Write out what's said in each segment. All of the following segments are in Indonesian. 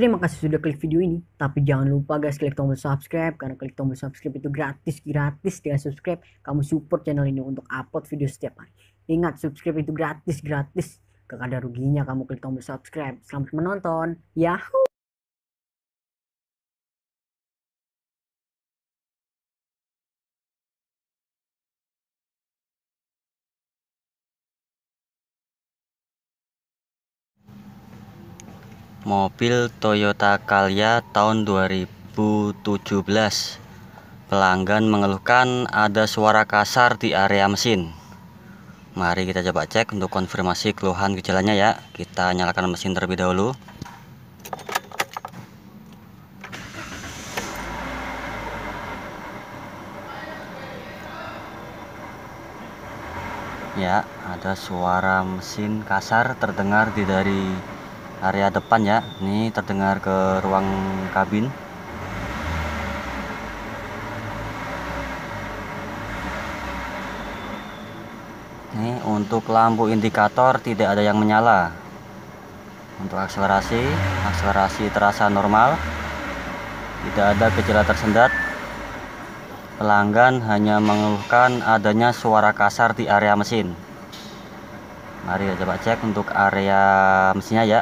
Terima kasih sudah klik video ini. Tapi jangan lupa guys klik tombol subscribe karena klik tombol subscribe itu gratis, gratis dengan subscribe kamu support channel ini untuk upload video setiap hari. Ingat subscribe itu gratis, gratis. Gak ada ruginya kamu klik tombol subscribe. Selamat menonton. Yahoo. mobil Toyota Calya tahun 2017. Pelanggan mengeluhkan ada suara kasar di area mesin. Mari kita coba cek untuk konfirmasi keluhan gejalanya ya. Kita nyalakan mesin terlebih dahulu. Ya, ada suara mesin kasar terdengar di dari area depan ya ini terdengar ke ruang kabin ini untuk lampu indikator tidak ada yang menyala untuk akselerasi akselerasi terasa normal tidak ada gejala tersendat pelanggan hanya mengeluhkan adanya suara kasar di area mesin mari kita coba cek untuk area mesinnya ya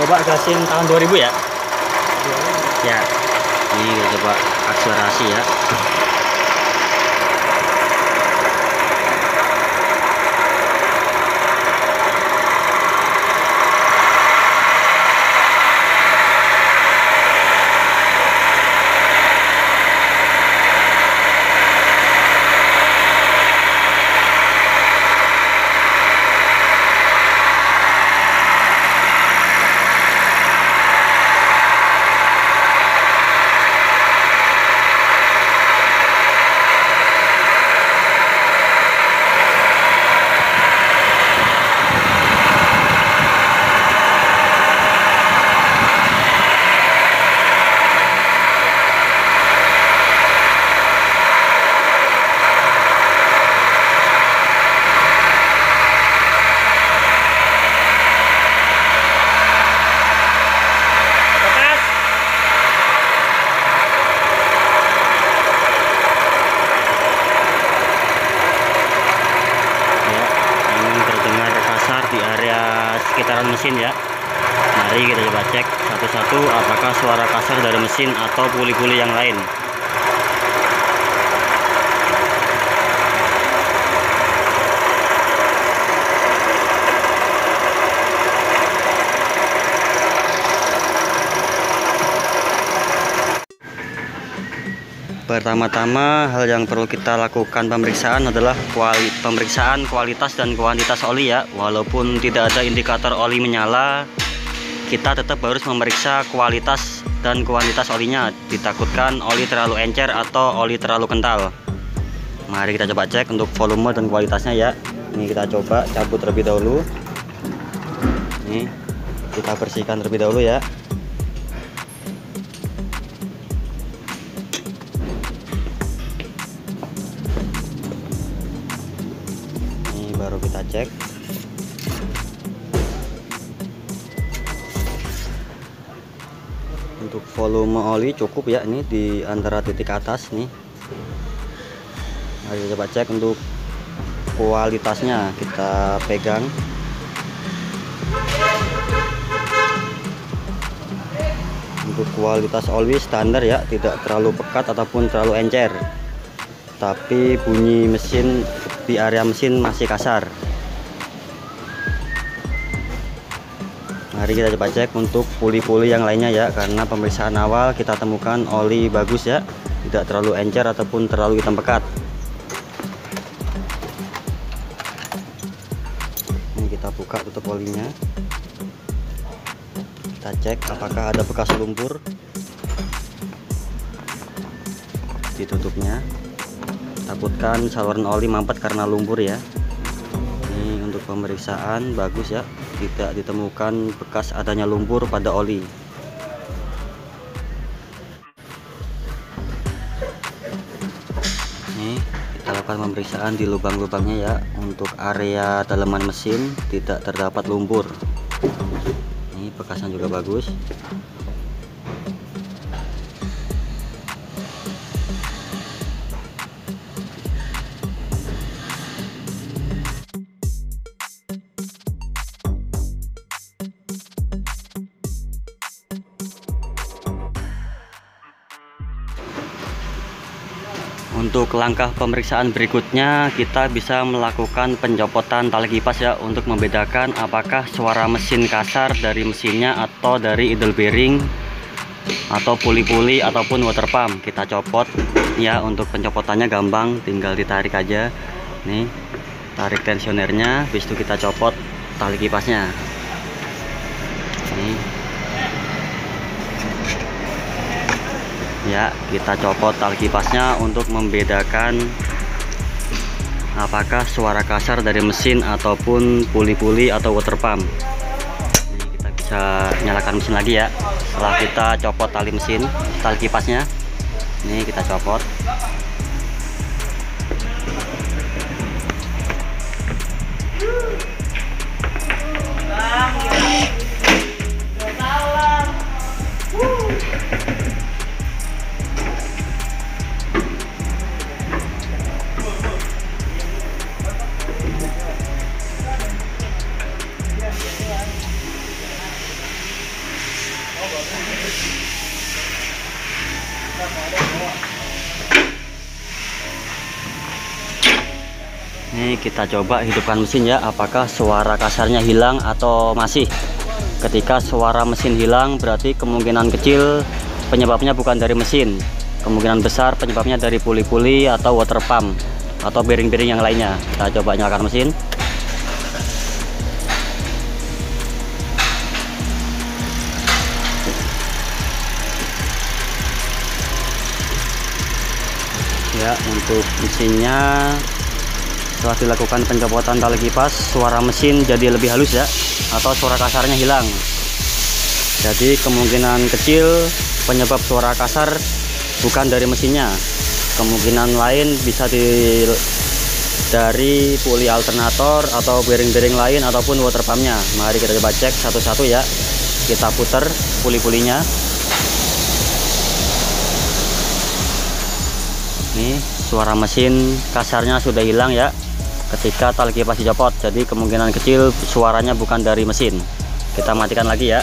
Coba gasin tahun 2000 ya. Iya. Ya. Ini iya, coba akselerasi ya. mesin ya mari kita coba cek satu-satu apakah suara kasar dari mesin atau puli-puli yang lain Pertama-tama hal yang perlu kita lakukan pemeriksaan adalah kuali pemeriksaan kualitas dan kuantitas oli ya. Walaupun tidak ada indikator oli menyala, kita tetap harus memeriksa kualitas dan kuantitas olinya. Ditakutkan oli terlalu encer atau oli terlalu kental. Mari kita coba cek untuk volume dan kualitasnya ya. Ini kita coba cabut terlebih dahulu. Ini kita bersihkan terlebih dahulu ya. cek untuk volume oli cukup ya ini di antara titik atas nih ayo coba cek untuk kualitasnya kita pegang untuk kualitas oli standar ya tidak terlalu pekat ataupun terlalu encer tapi bunyi mesin di area mesin masih kasar Mari kita coba cek untuk puli-puli yang lainnya ya karena pemeriksaan awal kita temukan oli bagus ya tidak terlalu encer ataupun terlalu hitam pekat ini kita buka tutup olinya kita cek apakah ada bekas lumpur ditutupnya takutkan saluran oli mampet karena lumpur ya ini untuk pemeriksaan bagus ya tidak ditemukan bekas adanya lumpur pada oli ini kita lakukan pemeriksaan di lubang-lubangnya ya untuk area dalaman mesin tidak terdapat lumpur ini bekasnya juga bagus untuk langkah pemeriksaan berikutnya kita bisa melakukan pencopotan tali kipas ya untuk membedakan apakah suara mesin kasar dari mesinnya atau dari idle bearing atau puli-puli ataupun water pump kita copot ya untuk pencopotannya gampang tinggal ditarik aja nih tarik tensionernya habis itu kita copot tali kipasnya ya kita copot tali kipasnya untuk membedakan apakah suara kasar dari mesin ataupun puli-puli atau water pump jadi kita bisa nyalakan mesin lagi ya setelah kita copot tali mesin tali kipasnya ini kita copot ini kita coba hidupkan mesin ya apakah suara kasarnya hilang atau masih ketika suara mesin hilang berarti kemungkinan kecil penyebabnya bukan dari mesin kemungkinan besar penyebabnya dari puli-puli atau water pump atau bearing-bearing yang lainnya kita coba nyalakan mesin ya untuk mesinnya setelah dilakukan pencopotan tali kipas suara mesin jadi lebih halus ya atau suara kasarnya hilang jadi kemungkinan kecil penyebab suara kasar bukan dari mesinnya kemungkinan lain bisa di dari puli alternator atau bearing-bearing lain ataupun water pumpnya mari kita coba cek satu-satu ya kita putar puli-pulinya nih suara mesin kasarnya sudah hilang ya ketika tali kipas dicopot jadi kemungkinan kecil suaranya bukan dari mesin kita matikan lagi ya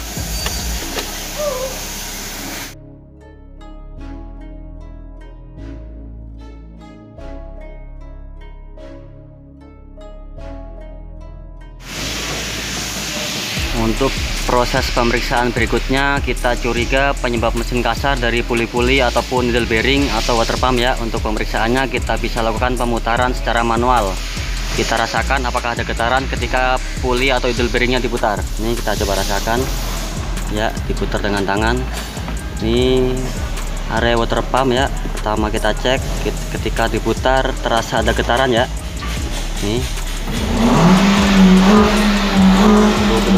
untuk proses pemeriksaan berikutnya kita curiga penyebab mesin kasar dari puli-puli ataupun needle bearing atau water pump ya untuk pemeriksaannya kita bisa lakukan pemutaran secara manual kita rasakan apakah ada getaran ketika puli atau idle bearingnya diputar ini kita coba rasakan ya diputar dengan tangan ini area water pump ya pertama kita cek ketika diputar terasa ada getaran ya ini idle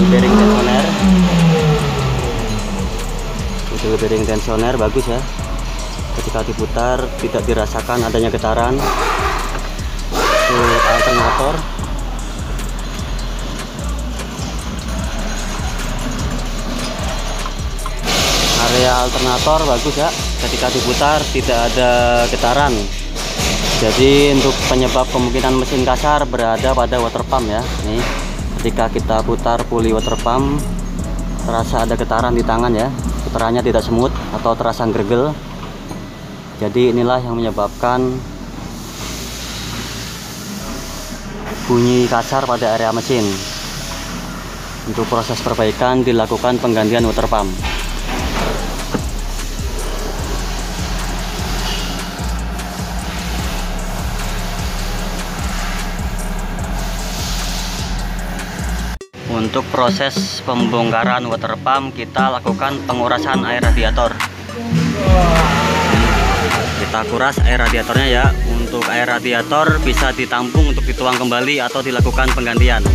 bearing tensioner idle bearing tensioner bagus ya ketika diputar tidak dirasakan adanya getaran satu alternator area alternator bagus ya ketika diputar tidak ada getaran jadi untuk penyebab kemungkinan mesin kasar berada pada water pump ya nih ketika kita putar puli water pump terasa ada getaran di tangan ya putarannya tidak semut atau terasa gergel jadi inilah yang menyebabkan bunyi kasar pada area mesin. Untuk proses perbaikan dilakukan penggantian water pump. Untuk proses pembongkaran water pump kita lakukan pengurasan air radiator. Kita kuras air radiatornya ya untuk air radiator bisa ditampung untuk dituang kembali atau dilakukan penggantian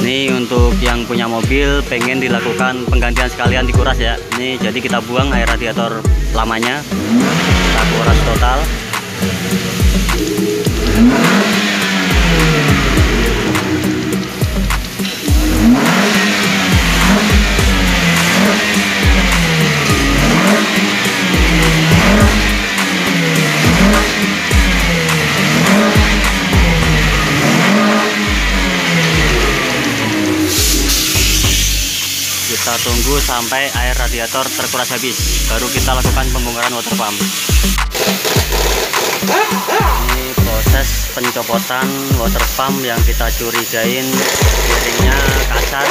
ini untuk yang punya mobil pengen dilakukan penggantian sekalian dikuras ya ini jadi kita buang air radiator lamanya kita kuras total tunggu sampai air radiator terkuras habis baru kita lakukan pembongkaran water pump ini proses pencopotan water pump yang kita curigain piringnya kasar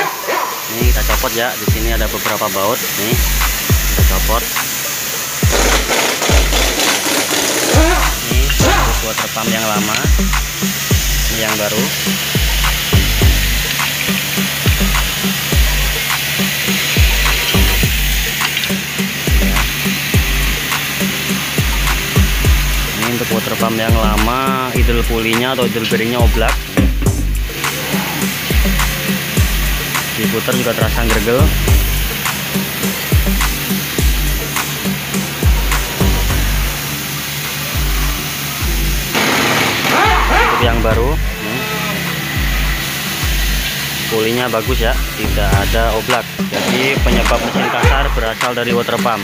ini kita copot ya di sini ada beberapa baut nih kita copot ini water pump yang lama ini yang baru pump yang lama idle pulinya atau idle bearingnya oblak diputar juga terasa gergel seperti yang baru hmm. pulinya bagus ya tidak ada oblak jadi penyebab mesin kasar berasal dari water pump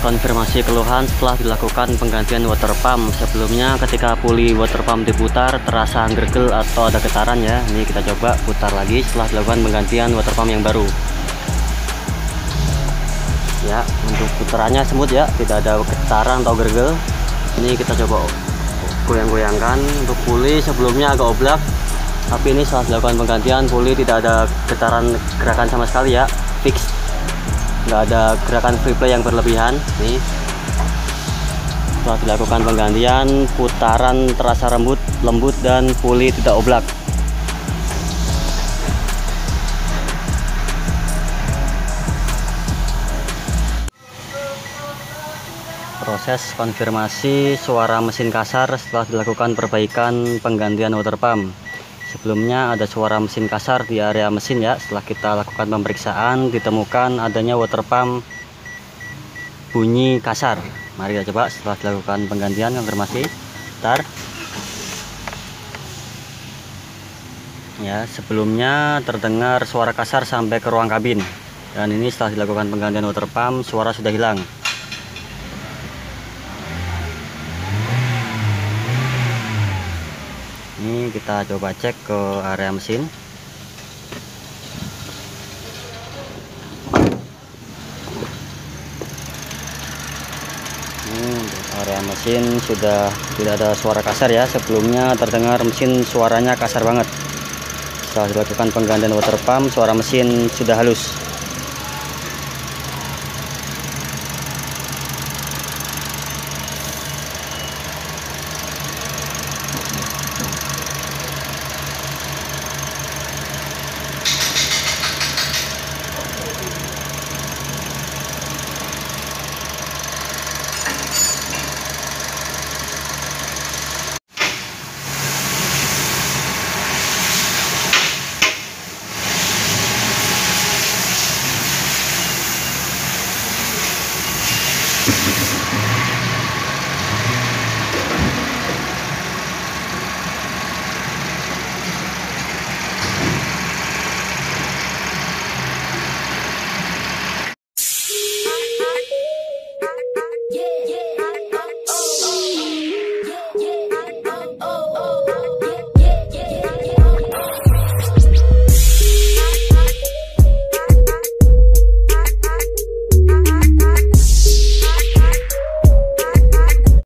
konfirmasi keluhan setelah dilakukan penggantian water pump sebelumnya ketika puli water pump diputar terasa gergel atau ada getaran ya ini kita coba putar lagi setelah dilakukan penggantian water pump yang baru ya untuk putarannya semut ya tidak ada getaran atau gergel ini kita coba goyang-goyangkan untuk puli sebelumnya agak oblak tapi ini setelah dilakukan penggantian puli tidak ada getaran gerakan sama sekali ya fix nggak ada gerakan free play yang berlebihan nih setelah dilakukan penggantian putaran terasa lembut lembut dan pulih tidak oblak proses konfirmasi suara mesin kasar setelah dilakukan perbaikan penggantian water pump Sebelumnya ada suara mesin kasar di area mesin ya. Setelah kita lakukan pemeriksaan ditemukan adanya water pump bunyi kasar. Mari kita coba setelah dilakukan penggantian konfirmasi. Ntar Ya, sebelumnya terdengar suara kasar sampai ke ruang kabin. Dan ini setelah dilakukan penggantian water pump, suara sudah hilang. kita coba cek ke area mesin area mesin sudah tidak ada suara kasar ya sebelumnya terdengar mesin suaranya kasar banget setelah dilakukan penggantian water pump suara mesin sudah halus